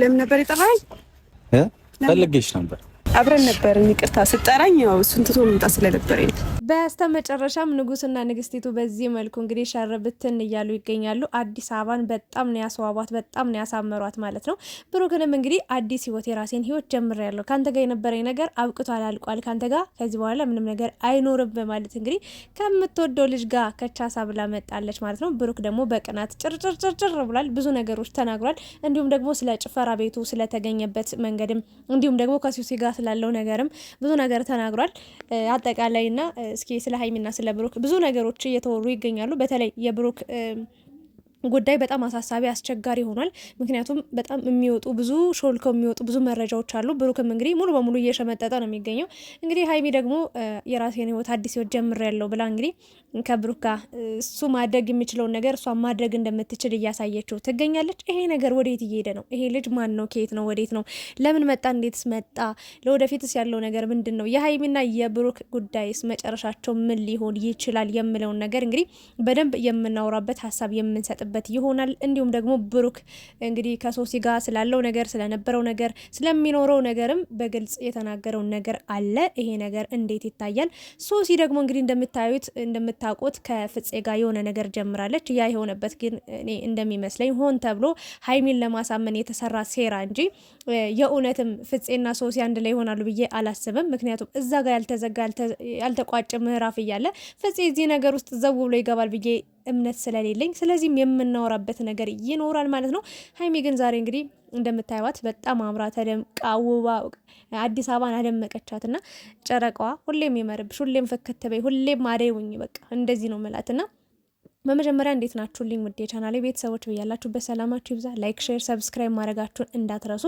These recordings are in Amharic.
ለምን ነበር የጠራኸኝ? ፈልጌሽ ነበር። አብረን ነበርን። ይቅርታ ስጠራኝ ያው እሱን ትቶ መምጣት ስለነበረኝ መጨረሻም ንጉስና ንግስቲቱ በዚህ መልኩ እንግዲህ ሸር ብትን እያሉ ይገኛሉ። አዲስ አበባን በጣም ነው ያስዋቧት፣ በጣም ነው ያሳመሯት ማለት ነው። ብሩክንም እንግዲህ አዲስ ህይወት የራሴን ህይወት ጀምሬያለሁ፣ ከአንተ ጋር የነበረኝ ነገር አብቅቷል፣ አልቋል፣ ከአንተ ጋር ከዚህ በኋላ ምንም ነገር አይኖርም በማለት እንግዲህ ከምትወደው ልጅ ጋር ከቻሳ ብላ መጣለች ማለት ነው። ብሩክ ደግሞ በቅናት ጭርጭርጭርጭር ብሏል፣ ብዙ ነገሮች ተናግሯል። እንዲሁም ደግሞ ስለ ጭፈራ ቤቱ ስለተገኘበት መንገድም እንዲሁም ደግሞ ከሲሲ ጋር ስላለው ነገርም ብዙ ነገር ተናግሯል። ና እስኪ ስለ ሀይሚና ስለ ብሩክ ብዙ ነገሮች እየተወሩ ይገኛሉ። በተለይ የብሩክ ጉዳይ በጣም አሳሳቢ አስቸጋሪ ሆኗል። ምክንያቱም በጣም የሚወጡ ብዙ ሾልከው የሚወጡ ብዙ መረጃዎች አሉ። ብሩክም እንግዲህ ሙሉ በሙሉ እየሸመጠጠ ነው የሚገኘው። እንግዲህ ሀይሚ ደግሞ የራሴን ህይወት አዲስ ህይወት ጀምሬያለሁ ብላ እንግዲህ ከብሩክ ጋር እሱ ማድረግ የሚችለውን ነገር እሷ ማድረግ እንደምትችል እያሳየችው ትገኛለች። ይሄ ነገር ወዴት እየሄደ ነው? ይሄ ልጅ ማን ነው? ከየት ነው? ወዴት ነው? ለምን መጣ? እንዴትስ መጣ? ለወደፊትስ ያለው ነገር ምንድን ነው? የሀይሚና የብሩክ ጉዳይስ መጨረሻቸው ምን ሊሆን ይችላል የምለውን ነገር እንግዲህ በደንብ የምናወራበት ሀሳብ የምንሰጥበት ይሆናል። እንዲሁም ደግሞ ብሩክ እንግዲህ ከሶሲ ጋር ስላለው ነገር፣ ስለነበረው ነገር፣ ስለሚኖረው ነገርም በግልጽ የተናገረውን ነገር አለ። ይሄ ነገር እንዴት ይታያል? ሶሲ ደግሞ እንግዲህ እንደምታዩት እንደምታ እንደምታውቁት ከፍፄ ጋር የሆነ ነገር ጀምራለች። ያ የሆነበት ግን እኔ እንደሚመስለኝ ሆን ተብሎ ሀይሚን ለማሳመን የተሰራ ሴራ እንጂ የእውነትም ፍፄና ሶሲ አንድ ላይ ይሆናሉ ብዬ አላስብም። ምክንያቱም እዛ ጋር ያልተዘጋ ያልተቋጭ ምዕራፍ እያለ ፍፄ እዚህ ነገር ውስጥ ዘው ብሎ ይገባል ብዬ እምነት ስለሌለኝ፣ ስለዚህም የምናወራበት ነገር ይኖራል ማለት ነው። ሀይሚ ግን ዛሬ እንግዲህ እንደምታዩት በጣም አምራ ተደምቃ ውባ አዲስ አበባን አደመቀቻት። እና ጨረቀዋ ሁሌም ይመርብሽ፣ ሁሌም ፈከተበይ፣ ሁሌም አደውኝ። በቃ እንደዚህ ነው ምላትና በመጀመሪያ እንዴት ናችሁልኝ? ውድ የቻናሌ ቤተሰቦች ብያላችሁበት ሰላማችሁ ይብዛ። ላይክ፣ ሼር፣ ሰብስክራይብ ማድረጋችሁን እንዳትረሱ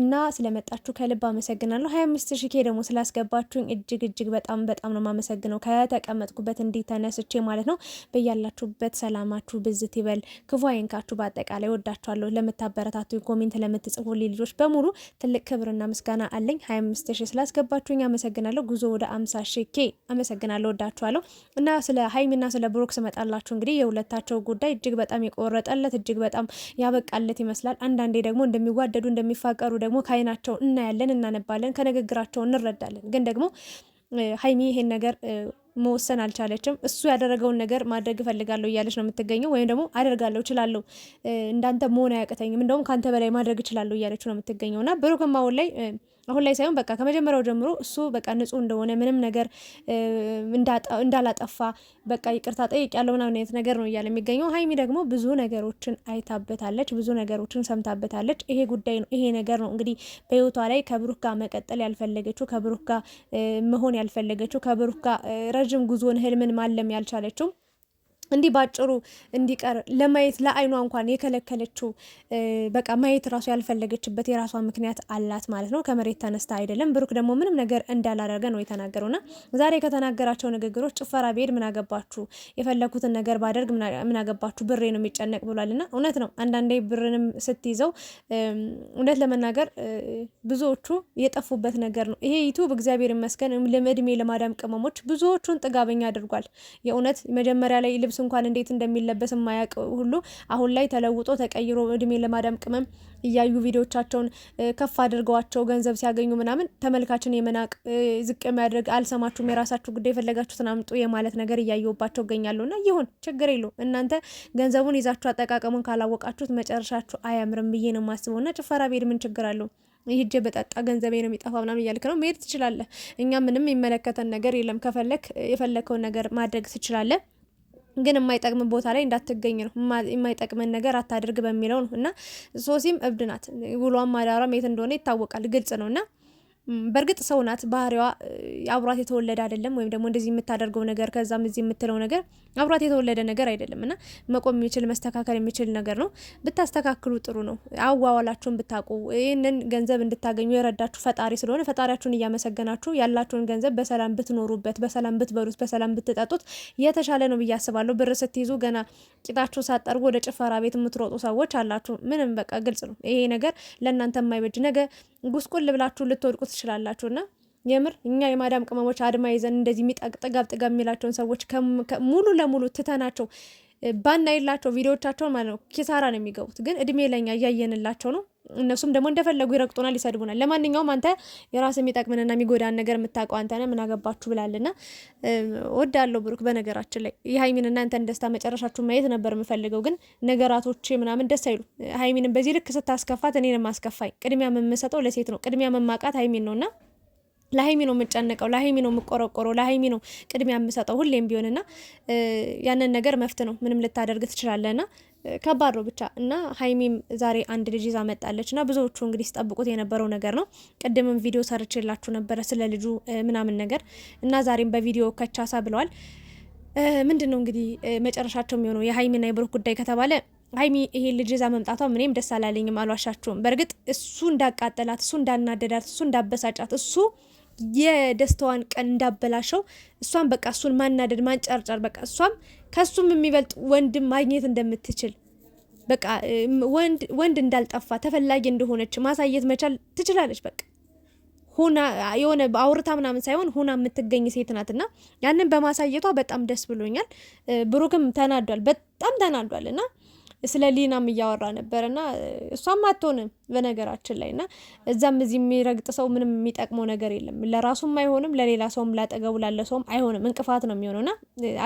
እና ስለመጣችሁ ከልብ አመሰግናለሁ። ሀያ አምስት ኬ ደግሞ ስላስገባችሁኝ እጅግ እጅግ በጣም በጣም ነው የማመሰግነው። ከተቀመጥኩበት እንዲህ ተነስቼ ማለት ነው። በያላችሁበት ሰላማችሁ ብዝት ይበል፣ ክፉ አይንካችሁ። በአጠቃላይ ወዳችኋለሁ። ለምታበረታቱ ኮሜንት ለምትጽፉልኝ ልጆች በሙሉ ትልቅ ክብርና ምስጋና አለኝ። ሀያ አምስት ሺ ስላስገባችሁኝ አመሰግናለሁ። ጉዞ ወደ አምሳ ሺ ኬ አመሰግናለሁ። ወዳችኋለሁ እና ስለ ሀይሚና ስለ ብሩክ ስመጣላችሁ እንግዲህ የሁለታቸው ጉዳይ እጅግ በጣም የቆረጠለት እጅግ በጣም ያበቃለት ይመስላል። አንዳንዴ ደግሞ እንደሚዋደዱ እንደሚፋቀሩ ደግሞ ከአይናቸው እናያለን፣ እናነባለን፣ ከንግግራቸው እንረዳለን። ግን ደግሞ ሀይሚ ይሄን ነገር መወሰን አልቻለችም። እሱ ያደረገውን ነገር ማድረግ እፈልጋለሁ እያለች ነው የምትገኘው። ወይም ደግሞ አደርጋለሁ እችላለሁ፣ እንዳንተ መሆን አያቅተኝም፣ እንደውም ከአንተ በላይ ማድረግ እችላለሁ እያለች ነው የምትገኘው እና ብሩክም አሁን ላይ አሁን ላይ ሳይሆን በቃ ከመጀመሪያው ጀምሮ እሱ በቃ ንጹህ እንደሆነ ምንም ነገር እንዳላጠፋ በቃ ይቅርታ ጠይቄያለሁ ምናምን አይነት ነገር ነው እያለ የሚገኘው። ሀይሚ ደግሞ ብዙ ነገሮችን አይታበታለች፣ ብዙ ነገሮችን ሰምታበታለች። ይሄ ጉዳይ ነው ይሄ ነገር ነው እንግዲህ በህይወቷ ላይ ከብሩክ ጋር መቀጠል ያልፈለገችው፣ ከብሩክ ጋር መሆን ያልፈለገችው፣ ከብሩክ ጋር ረዥም ጉዞን ህልምን ማለም ያልቻለችው እንዲህ ባጭሩ እንዲቀር ለማየት ለአይኗ እንኳን የከለከለችው በቃ ማየት ራሱ ያልፈለገችበት የራሷ ምክንያት አላት ማለት ነው። ከመሬት ተነስታ አይደለም። ብሩክ ደግሞ ምንም ነገር እንዳላደረገ ነው የተናገረው ና ዛሬ ከተናገራቸው ንግግሮች ጭፈራ ብሄድ ምናገባችሁ፣ የፈለኩትን ነገር ባደርግ ምናገባችሁ፣ ብሬ ነው የሚጨነቅ ና እውነት ነው። አንዳንዴ ብርንም ስትይዘው እውነት ለመናገር ብዙዎቹ የጠፉበት ነገር ነው ይሄ ዩቱብ። እግዚአብሔር ይመስገን እድሜ ለማዳም ቅመሞች ብዙዎቹን ጥጋበኛ አድርጓል። የእውነት መጀመሪያ ላይ ልብስ ልብስ እንኳን እንዴት እንደሚለበስ የማያውቅ ሁሉ አሁን ላይ ተለውጦ ተቀይሮ እድሜ ለማዳም ቅመም እያዩ ቪዲዮቻቸውን ከፍ አድርገዋቸው ገንዘብ ሲያገኙ ምናምን ተመልካችን የመናቅ ዝቅ የሚያደርግ አልሰማችሁም፣ የራሳችሁ ጉዳይ የፈለጋችሁትን አምጡ የማለት ነገር እያየሁባቸው እገኛለሁ። እና ይሁን ችግር የለው እናንተ ገንዘቡን ይዛችሁ አጠቃቀሙን ካላወቃችሁት መጨረሻችሁ አያምርም ብዬ ነው የማስበው። እና ጭፈራ ቤድ ምን ችግር አለው? ይህጀ በጠጣ ገንዘቤ ነው የሚጠፋ ምናምን እያልክ ነው መሄድ ትችላለህ። እኛ ምንም የሚመለከተን ነገር የለም። ከፈለክ የፈለከውን ነገር ማድረግ ትችላለህ። ግን የማይጠቅም ቦታ ላይ እንዳትገኝ ነው። የማይጠቅምን ነገር አታድርግ በሚለው ነው እና ሶሲም እብድ ናት። ውሏም አዳሯም የት እንደሆነ ይታወቃል፣ ግልጽ ነው እና በእርግጥ ሰው ናት። ባህሪዋ አብሯት የተወለደ አይደለም፣ ወይም ደግሞ እንደዚህ የምታደርገው ነገር ከዛም እዚህ የምትለው ነገር አብሯት የተወለደ ነገር አይደለም እና መቆም የሚችል መስተካከል የሚችል ነገር ነው። ብታስተካክሉ ጥሩ ነው። አዋዋላችሁን ብታውቁ፣ ይህንን ገንዘብ እንድታገኙ የረዳችሁ ፈጣሪ ስለሆነ ፈጣሪያችሁን እያመሰገናችሁ ያላችሁን ገንዘብ በሰላም ብትኖሩበት፣ በሰላም ብትበሉት፣ በሰላም ብትጠጡት የተሻለ ነው ብዬ አስባለሁ። ብር ስትይዙ ገና ቂጣችሁ ሳጠርጉ ወደ ጭፈራ ቤት የምትሮጡ ሰዎች አላችሁ። ምንም በቃ ግልጽ ነው ይሄ ነገር ለእናንተ የማይበጅ ነገ ጉስቁል ብላችሁ ልትወድቁት ትችላላችሁ። እና የምር እኛ የማዳም ቅመሞች አድማ ይዘን እንደዚህ የሚጠቅ ጥጋብ ጥጋብ የሚላቸውን ሰዎች ሙሉ ለሙሉ ትተናቸው ባናይላቸው ቪዲዮቻቸውን ማለት ነው ኪሳራ ነው የሚገቡት። ግን እድሜ ለኛ እያየንላቸው ነው። እነሱም ደግሞ እንደፈለጉ ይረግጡናል፣ ይሰድቡናል። ለማንኛውም አንተ የራስ የሚጠቅምንና የሚጎዳን ነገር የምታውቀው አንተ ነህ። ምን አገባችሁ ብላልና ወዳለው ብሩክ። በነገራችን ላይ የሀይሚንና አንተን ደስታ መጨረሻችሁ ማየት ነበር የምፈልገው፣ ግን ነገራቶች ምናምን ደስ አይሉ። ሀይሚንን በዚህ ልክ ስታስከፋት እኔን ማስከፋኝ። ቅድሚያ የምሰጠው ለሴት ነው፣ ቅድሚያ መማቃት ሀይሚን ነውና ለሀይሚ ነው የምጨነቀው፣ ለሀይሚ ነው የምቆረቆረው፣ ለሀይሚ ነው ቅድሚያ የምሰጠው ሁሌም ቢሆንና ያንን ነገር መፍት ነው ምንም ልታደርግ ትችላለህና ከባድ ነው ብቻ እና ሀይሚም ዛሬ አንድ ልጅ ይዛ መጣለች እና ብዙዎቹ እንግዲህ ሲጠብቁት የነበረው ነገር ነው። ቅድምም ቪዲዮ ሰርችላችሁ ነበረ ስለ ልጁ ምናምን ነገር እና ዛሬም በቪዲዮ ከቻሳ ብለዋል። ምንድን ነው እንግዲህ መጨረሻቸው የሚሆነው የሀይሚና የብሩክ ጉዳይ ከተባለ ሀይሚ ይሄ ልጅ ይዛ መምጣቷ ምንም ደስ አላለኝም፣ አሏሻችሁም። በእርግጥ እሱ እንዳቃጠላት፣ እሱ እንዳናደዳት፣ እሱ እንዳበሳጫት እሱ የደስታዋን ቀን እንዳበላሸው እሷም በቃ እሱን ማናደድ ማንጨርጨር በቃ እሷም ከሱም የሚበልጥ ወንድም ማግኘት እንደምትችል በቃ ወንድ እንዳልጠፋ ተፈላጊ እንደሆነች ማሳየት መቻል ትችላለች። በቃ ሆና የሆነ አውርታ ምናምን ሳይሆን ሆና የምትገኝ ሴት ናት እና ያንን በማሳየቷ በጣም ደስ ብሎኛል። ብሩክም ተናዷል፣ በጣም ተናዷል እና ስለ ሊናም እያወራ ነበር እና እሷም አትሆንም በነገራችን ላይ እና እዛም እዚህ የሚረግጥ ሰው ምንም የሚጠቅመው ነገር የለም። ለራሱም አይሆንም፣ ለሌላ ሰውም ላጠገቡ ላለ ሰውም አይሆንም። እንቅፋት ነው የሚሆነው እና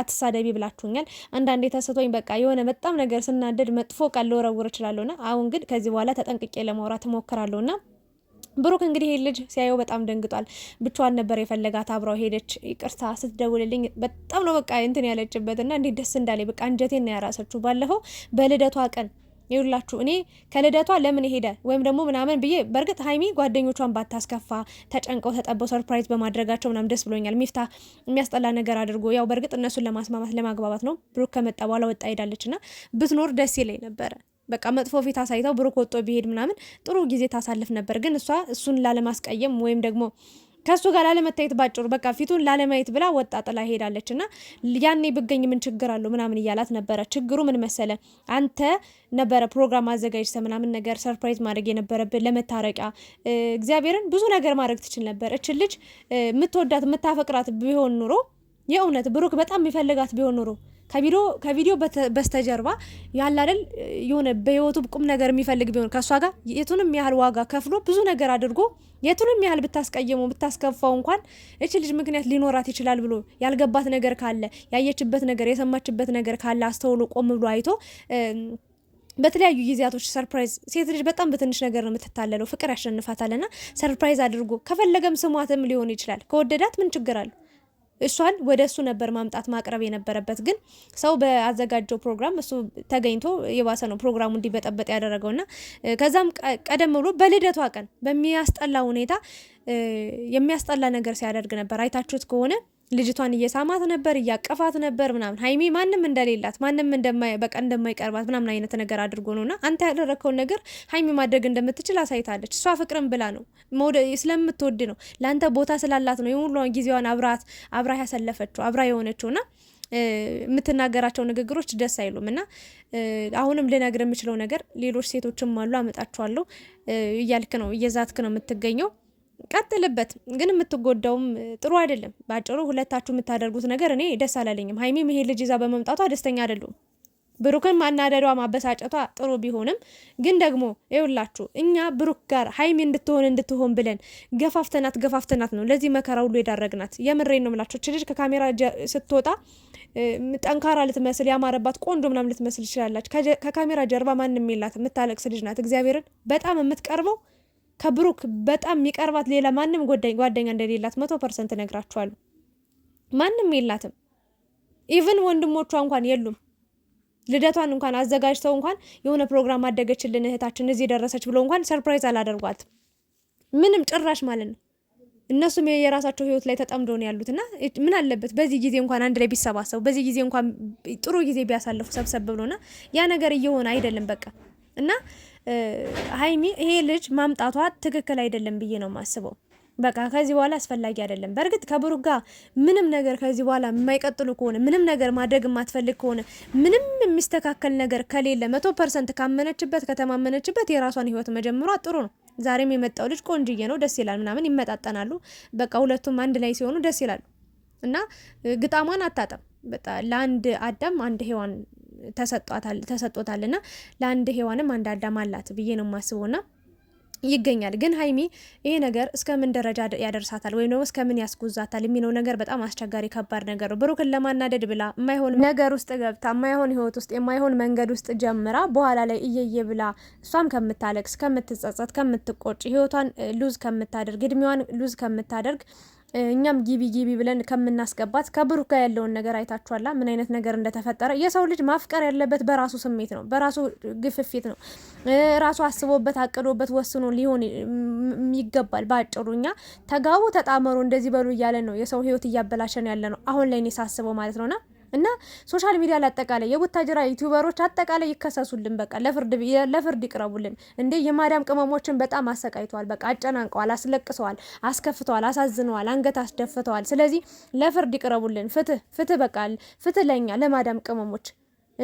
አትሳደቢ ብላችሁኛል። አንዳንዴ ተስቶኝ በቃ የሆነ በጣም ነገር ስናደድ መጥፎ ቃል ልወረውር እችላለሁ እና አሁን ግን ከዚህ በኋላ ተጠንቅቄ ለማውራት እሞክራለሁ እና ብሩክ እንግዲህ ይህ ልጅ ሲያየው በጣም ደንግጧል። ብቻዋን ነበር የፈለጋት አብረው ሄደች። ይቅርታ ስትደውልልኝ በጣም ነው በቃ እንትን ያለችበት እና እንዴት ደስ እንዳለ በቃ እንጀቴ ነው ያራሰችው። ባለፈው በልደቷ ቀን ይውላችሁ እኔ ከልደቷ ለምን ሄደ ወይም ደግሞ ምናምን ብዬ በእርግጥ ሀይሚ ጓደኞቿን ባታስከፋ ተጨንቀው ተጠበው ሰርፕራይዝ በማድረጋቸው ምናምን ደስ ብሎኛል። ሚፍታ የሚያስጠላ ነገር አድርጎ ያው በእርግጥ እነሱን ለማስማማት ለማግባባት ነው ብሩክ ከመጣ በኋላ ወጣ ሄዳለች እና ብትኖር ደስ ይለኝ ነበረ በቃ መጥፎ ፊት አሳይተው ብሩክ ወጦ ቢሄድ ምናምን ጥሩ ጊዜ ታሳልፍ ነበር። ግን እሷ እሱን ላለማስቀየም ወይም ደግሞ ከእሱ ጋር ላለመታየት ባጭሩ በቃ ፊቱን ላለማየት ብላ ወጣ ጥላ ሄዳለች። እና ያኔ ብገኝ ምን ችግር አለው ምናምን እያላት ነበረ። ችግሩ ምን መሰለ፣ አንተ ነበረ ፕሮግራም አዘጋጅተ ምናምን ነገር ሰርፕራይዝ ማድረግ የነበረብን ለመታረቂያ። እግዚአብሔርን ብዙ ነገር ማድረግ ትችል ነበር። እች ልጅ የምትወዳት የምታፈቅራት ቢሆን ኑሮ የእውነት ብሩክ በጣም የሚፈልጋት ቢሆን ኖሮ ከቪዲዮ በስተጀርባ ያለ አይደል የሆነ በህይወቱ ቁም ነገር የሚፈልግ ቢሆን ከእሷ ጋር የቱንም ያህል ዋጋ ከፍሎ ብዙ ነገር አድርጎ የቱንም ያህል ብታስቀየሙ ብታስከፋው እንኳን እች ልጅ ምክንያት ሊኖራት ይችላል ብሎ ያልገባት ነገር ካለ ያየችበት ነገር የሰማችበት ነገር ካለ አስተውሎ ቆም ብሎ አይቶ በተለያዩ ጊዜያቶች ሰርፕራይዝ ሴት ልጅ በጣም በትንሽ ነገር ነው የምትታለለው። ፍቅር ና ሰርፕራይዝ አድርጎ ከፈለገም ስሟትም ሊሆን ይችላል። ከወደዳት ምን ችግር አለው? እሷን ወደ እሱ ነበር ማምጣት ማቅረብ የነበረበት። ግን ሰው በአዘጋጀው ፕሮግራም እሱ ተገኝቶ የባሰ ነው ፕሮግራሙ እንዲበጠበጥ ያደረገው እና ከዛም ቀደም ብሎ በልደቷ ቀን በሚያስጠላ ሁኔታ የሚያስጠላ ነገር ሲያደርግ ነበር አይታችሁት ከሆነ ልጅቷን እየሳማት ነበር፣ እያቀፋት ነበር ምናምን ሀይሚ ማንም እንደሌላት ማንም በቃ እንደማይቀርባት ምናምን አይነት ነገር አድርጎ ነው እና አንተ ያደረግከውን ነገር ሀይሚ ማድረግ እንደምትችል አሳይታለች። እሷ ፍቅርን ብላ ነው ስለምትወድ ነው ለአንተ ቦታ ስላላት ነው የሁሉ ጊዜዋን አብራት አብራ ያሰለፈችው አብራ ና የምትናገራቸው ንግግሮች ደስ አይሉም እና አሁንም ልነግር የምችለው ነገር ሌሎች ሴቶችም አሉ አመጣችኋለሁ እያልክ ነው እየዛትክ ነው የምትገኘው። ቀጥልበት። ግን የምትጎዳውም ጥሩ አይደለም። በአጭሩ ሁለታችሁ የምታደርጉት ነገር እኔ ደስ አላለኝም። ሀይሚ ይሄ ልጅ ይዛ በመምጣቷ ደስተኛ አይደሉም። ብሩክን ማናደዷ ማበሳጨቷ ጥሩ ቢሆንም ግን ደግሞ ይውላችሁ እኛ ብሩክ ጋር ሀይሚ እንድትሆን እንድትሆን ብለን ገፋፍተናት ገፋፍተናት ነው ለዚህ መከራ ሁሉ የዳረግናት። የምሬን ነው ምላቸው። ችልጅ ከካሜራ ስትወጣ ጠንካራ ልትመስል ያማረባት ቆንጆ ምናምን ልትመስል ይችላላች። ከካሜራ ጀርባ ማንም የላት የምታለቅስ ልጅ ናት። እግዚአብሔርን በጣም የምትቀርበው ከብሩክ በጣም የሚቀርባት ሌላ ማንም ጓደኛ እንደሌላት መቶ ፐርሰንት ነግራችኋለሁ። ማንም የላትም። ኢቨን ወንድሞቿ እንኳን የሉም። ልደቷን እንኳን አዘጋጅተው እንኳን የሆነ ፕሮግራም አደገችልን እህታችን እዚህ ደረሰች ብሎ እንኳን ሰርፕራይዝ አላደርጓትም። ምንም ጭራሽ ማለት ነው። እነሱም የራሳቸው ህይወት ላይ ተጠምዶ ነው ያሉት እና ምን አለበት በዚህ ጊዜ እንኳን አንድ ላይ ቢሰባሰቡ፣ በዚህ ጊዜ እንኳን ጥሩ ጊዜ ቢያሳልፉ ሰብሰብ ብሎና ያ ነገር እየሆነ አይደለም በቃ እና ሀይሚ ይሄ ልጅ ማምጣቷ ትክክል አይደለም ብዬ ነው የማስበው። በቃ ከዚህ በኋላ አስፈላጊ አይደለም። በእርግጥ ከብሩክ ጋር ምንም ነገር ከዚህ በኋላ የማይቀጥሉ ከሆነ ምንም ነገር ማደግ የማትፈልግ ከሆነ ምንም የሚስተካከል ነገር ከሌለ መቶ ፐርሰንት ካመነችበት ከተማመነችበት የራሷን ህይወት መጀመሯ ጥሩ ነው። ዛሬም የመጣው ልጅ ቆንጅዬ ነው፣ ደስ ይላል፣ ምናምን ይመጣጠናሉ። በቃ ሁለቱም አንድ ላይ ሲሆኑ ደስ ይላሉ እና ግጣሟን አታጠም። በቃ ለአንድ አዳም አንድ ሔዋን ተሰጥቶታል እና ለአንድ ሔዋንም አንድ አዳም አላት ብዬ ነው የማስበው ና ይገኛል ግን ሀይሚ ይሄ ነገር እስከ ምን ደረጃ ያደርሳታል ወይም ደግሞ እስከምን ያስጉዛታል የሚለው ነገር በጣም አስቸጋሪ ከባድ ነገር ነው። ብሩክን ለማናደድ ብላ የማይሆን ነገር ውስጥ ገብታ የማይሆን ህይወት ውስጥ የማይሆን መንገድ ውስጥ ጀምራ በኋላ ላይ እየየ ብላ እሷም ከምታለቅስ ከምትጸጸት ከምትቆጭ ህይወቷን ሉዝ ከምታደርግ እድሜዋን ሉዝ ከምታደርግ እኛም ጊቢ ጊቢ ብለን ከምናስገባት ከብሩክ ጋር ያለውን ነገር አይታችኋላ፣ ምን አይነት ነገር እንደተፈጠረ። የሰው ልጅ ማፍቀር ያለበት በራሱ ስሜት ነው፣ በራሱ ግፍፊት ነው። ራሱ አስቦበት አቅዶበት ወስኖ ሊሆን ይገባል። በአጭሩ እኛ ተጋቡ፣ ተጣመሩ፣ እንደዚህ በሉ እያለን ነው የሰው ህይወት እያበላሸን ያለ ነው አሁን ላይ እኔ ሳስበው ማለት ነውና እና ሶሻል ሚዲያ አጠቃላይ የቡታጅራ ዩቲዩበሮች አጠቃላይ ይከሰሱልን፣ በቃ ለፍርድ ይቅረቡልን። እንዴ የማዳም ቅመሞችን በጣም አሰቃይተዋል፣ በቃ አጨናንቀዋል፣ አስለቅሰዋል፣ አስከፍተዋል፣ አሳዝነዋል፣ አንገት አስደፍተዋል። ስለዚህ ለፍርድ ይቅረቡልን። ፍትህ ፍትህ፣ በቃ ፍትህ ለኛ ለማዳም ቅመሞች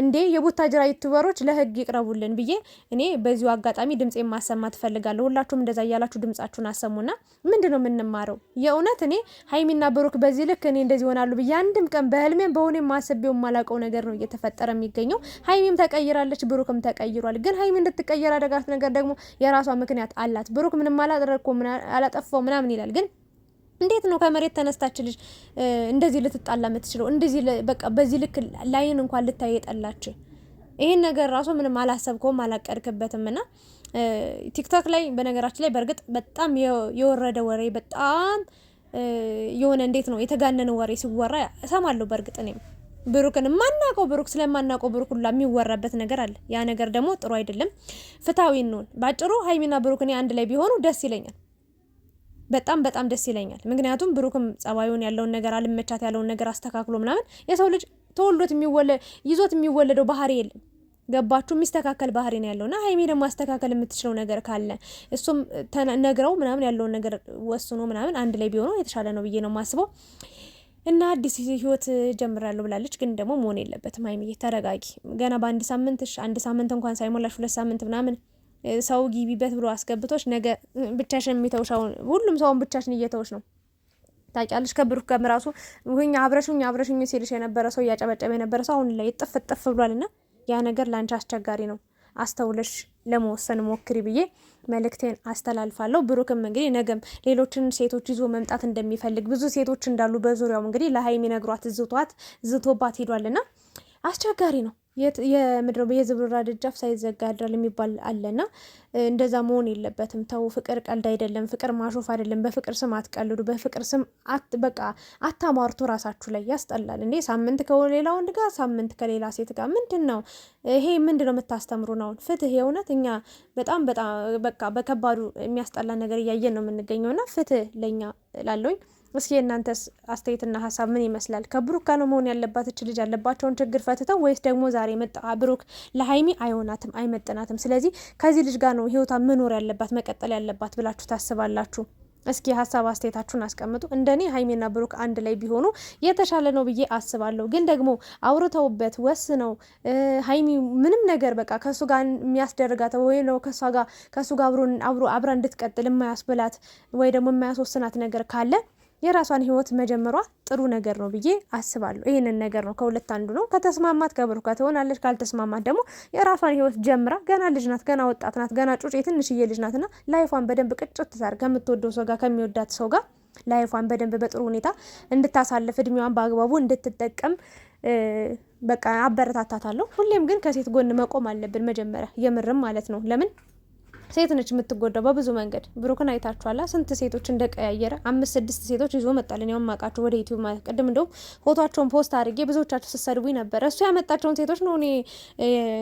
እንዴ የቡታጅራ ዩቱበሮች ለህግ ይቅረቡልን ብዬ እኔ በዚሁ አጋጣሚ ድምጽ ማሰማ ትፈልጋለሁ ሁላችሁም እንደዛ እያላችሁ ድምጻችሁን አሰሙና ምንድን ነው የምንማረው? የእውነት እኔ ሀይሚና ብሩክ በዚህ ልክ እኔ እንደዚህ ይሆናሉ ብዬ አንድም ቀን በህልሜም በሆነ ማሰቤው የማላውቀው ነገር ነው እየተፈጠረ የሚገኘው። ሀይሚም ተቀይራለች፣ ብሩክም ተቀይሯል። ግን ሀይሚ እንድትቀየር አደጋት ነገር ደግሞ የራሷ ምክንያት አላት። ብሩክ ምንም አላደረግኩ አላጠፋው ምናምን ይላል ግን እንዴት ነው ከመሬት ተነስታች ልጅ እንደዚህ ልትጣላ የምትችለው? እንደዚህ በቃ በዚህ ልክ ላይን እንኳን ልታይ የጠላች ይህን ነገር ራሱ ምንም አላሰብከውም አላቀድክበትም። እና ቲክቶክ ላይ በነገራችን ላይ በእርግጥ በጣም የወረደ ወሬ በጣም የሆነ እንዴት ነው የተጋነነ ወሬ ሲወራ እሰማለሁ። በእርግጥ እኔም ብሩክን የማናውቀው ብሩክ ስለማናውቀው ብሩክ ሁላ የሚወራበት ነገር አለ። ያ ነገር ደግሞ ጥሩ አይደለም። ፍትሐዊ እንሆን። ባጭሩ ሀይሚና ብሩክኔ አንድ ላይ ቢሆኑ ደስ ይለኛል። በጣም በጣም ደስ ይለኛል። ምክንያቱም ብሩክም ጸባዩን ያለውን ነገር አልመቻት ያለውን ነገር አስተካክሎ ምናምን የሰው ልጅ ተወልዶት ይዞት የሚወለደው ባህሪ የለም ገባችሁ? የሚስተካከል ባህሪ ነው ያለውና ሀይሜ ደግሞ አስተካከል የምትችለው ነገር ካለ እሱም ነግረው ምናምን ያለውን ነገር ወስኖ ምናምን አንድ ላይ ቢሆነው የተሻለ ነው ብዬ ነው የማስበው። እና አዲስ ህይወት ጀምራለሁ ብላለች። ግን ደግሞ መሆን የለበትም ሀይሜ ተረጋጊ። ገና በአንድ ሳምንትሽ አንድ ሳምንት እንኳን ሳይሞላሽ ሁለት ሳምንት ምናምን ሰው ጊቢበት ብሎ አስገብቶች ነገ ብቻሽን የሚተውሽ ሁሉም ሰውን ብቻሽን እየተውሽ ነው። ታውቂያለሽ ከብሩክ ጋርም ራሱ ሁኛ አብረሽኝ አብረሽኝ ሲልሽ የነበረ ሰው እያጨበጨበ የነበረ ሰው አሁን ላይ ጥፍ ጥፍ ብሏልና ያ ነገር ለአንቺ አስቸጋሪ ነው። አስተውለሽ ለመወሰን ሞክሪ ብዬ መልእክቴን አስተላልፋለሁ። ብሩክም እንግዲህ ነገም ሌሎችን ሴቶች ይዞ መምጣት እንደሚፈልግ ብዙ ሴቶች እንዳሉ በዙሪያው እንግዲህ ለሀይሚ ነግሯት ዝቷት ዝቶባት ሂዷልና አስቸጋሪ ነው። የምድረው የዝብራ ደጃፍ ሳይዘጋ ያድራል የሚባል አለና እንደዛ መሆን የለበትም። ተው ፍቅር ቀልድ አይደለም። ፍቅር ማሾፍ አይደለም። በፍቅር ስም አትቀልዱ። በፍቅር ስም በቃ አታሟርቱ ራሳችሁ ላይ ያስጠላል። እንዴ ሳምንት ከሌላ ወንድ ጋር፣ ሳምንት ከሌላ ሴት ጋር ምንድን ነው ይሄ? ምንድን ነው የምታስተምሩን ነው? ፍትህ የእውነት እኛ በጣም በጣም በቃ በከባዱ የሚያስጠላ ነገር እያየን ነው የምንገኘውና ፍትህ ለእኛ ላለውኝ። እስኪ የእናንተስ አስተያየትና ሀሳብ ምን ይመስላል? ከብሩክ ጋር ነው መሆን ያለባት እች ልጅ ያለባቸውን ችግር ፈትተው ወይስ ደግሞ ዛሬ መጣ ብሩክ ለሀይሚ አይሆናትም፣ አይመጥናትም፣ ስለዚህ ከዚህ ልጅ ጋር ነው ህይወቷ መኖር ያለባት መቀጠል ያለባት ብላችሁ ታስባላችሁ? እስኪ ሀሳብ አስተያየታችሁን አስቀምጡ። እንደኔ ሀይሜና ብሩክ አንድ ላይ ቢሆኑ የተሻለ ነው ብዬ አስባለሁ። ግን ደግሞ አውርተውበት ወስነው ሀይሚ ምንም ነገር በቃ ከእሱ ጋር የሚያስደርጋት ወይ ነው ከእሷ ጋር ከእሱ ጋር አብሮ አብራ እንድትቀጥል የማያስብላት ወይ ደግሞ የማያስወስናት ነገር ካለ የራሷን ህይወት መጀመሯ ጥሩ ነገር ነው ብዬ አስባለሁ። ይህንን ነገር ነው ከሁለት አንዱ ነው። ከተስማማት ከብሩካ ትሆናለች፣ ካልተስማማት ደግሞ የራሷን ህይወት ጀምራ ገና ልጅ ናት፣ ገና ወጣት ናት፣ ገና ጩጭ ትንሽዬ ልጅ ናትና ላይፏን በደንብ ቅጭት ታር ከምትወደው ሰው ጋር ከሚወዳት ሰው ጋር ላይፏን በደንብ በጥሩ ሁኔታ እንድታሳልፍ እድሜዋን በአግባቡ እንድትጠቀም በቃ አበረታታታለሁ። ሁሌም ግን ከሴት ጎን መቆም አለብን መጀመሪያ የምርም ማለት ነው ለምን ሴት ነች የምትጎዳው በብዙ መንገድ። ብሩክን አይታችኋላ ስንት ሴቶች እንደቀያየረ አምስት ስድስት ሴቶች ይዞ መጣልን። ያው ማቃችሁ ወደ ዩቲዩብ ቅድም እንደውም ፎቶቸውን ፖስት አድርጌ ብዙዎቻችሁ ስሰድቡኝ ነበረ። እሱ ያመጣቸውን ሴቶች ነው እኔ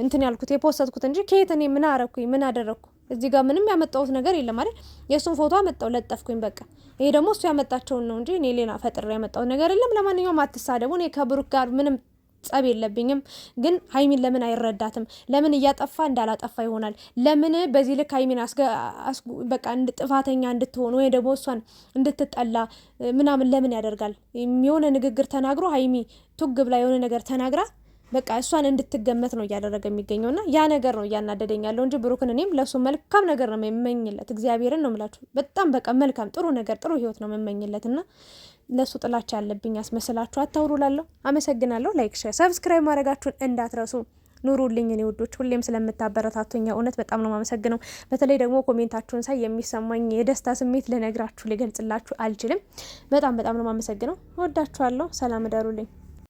እንትን ያልኩት የፖስተትኩት እንጂ ከየት እኔ ምን አረኩኝ ምን አደረግኩ? እዚህ ጋር ምንም ያመጣሁት ነገር የለም አይደል? የእሱን ፎቶ አመጣው ለጠፍኩኝ፣ በቃ ይሄ ደግሞ እሱ ያመጣቸውን ነው እንጂ እኔ ሌላ ፈጥሬ ያመጣሁት ነገር የለም። ለማንኛውም አትሳደቡ። እኔ ከብሩክ ጋር ምንም ጸብ የለብኝም። ግን ሀይሚን ለምን አይረዳትም? ለምን እያጠፋ እንዳላጠፋ ይሆናል? ለምን በዚህ ልክ ሀይሚን በቃ ጥፋተኛ እንድትሆን ወይ ደግሞ እሷን እንድትጠላ ምናምን ለምን ያደርጋል? የሆነ ንግግር ተናግሮ ሀይሚ ቱግ ብላ የሆነ ነገር ተናግራ በቃ እሷን እንድትገመት ነው እያደረገ የሚገኘው እና ያ ነገር ነው እያናደደኝ ያለው እንጂ ብሩክን እኔም ለእሱ መልካም ነገር ነው የምመኝለት። እግዚአብሔርን ነው የምላችሁ። በጣም በቃ መልካም ጥሩ ነገር ጥሩ ህይወት ነው የምመኝለት እና ለእሱ ጥላቻ ያለብኝ አስመስላችሁ አታውሩ። ላለሁ አመሰግናለሁ። ላይክ፣ ሼር፣ ሰብስክራይብ ማድረጋችሁን እንዳትረሱ። ኑሩልኝ እኔ ውዶች፣ ሁሌም ስለምታበረታቱኝ እውነት በጣም ነው የማመሰግነው። በተለይ ደግሞ ኮሜንታችሁን ሳይ የሚሰማኝ የደስታ ስሜት ልነግራችሁ ልገልጽላችሁ አልችልም። በጣም በጣም ነው የማመሰግነው። ወዳችኋለሁ። ሰላም እደሩልኝ።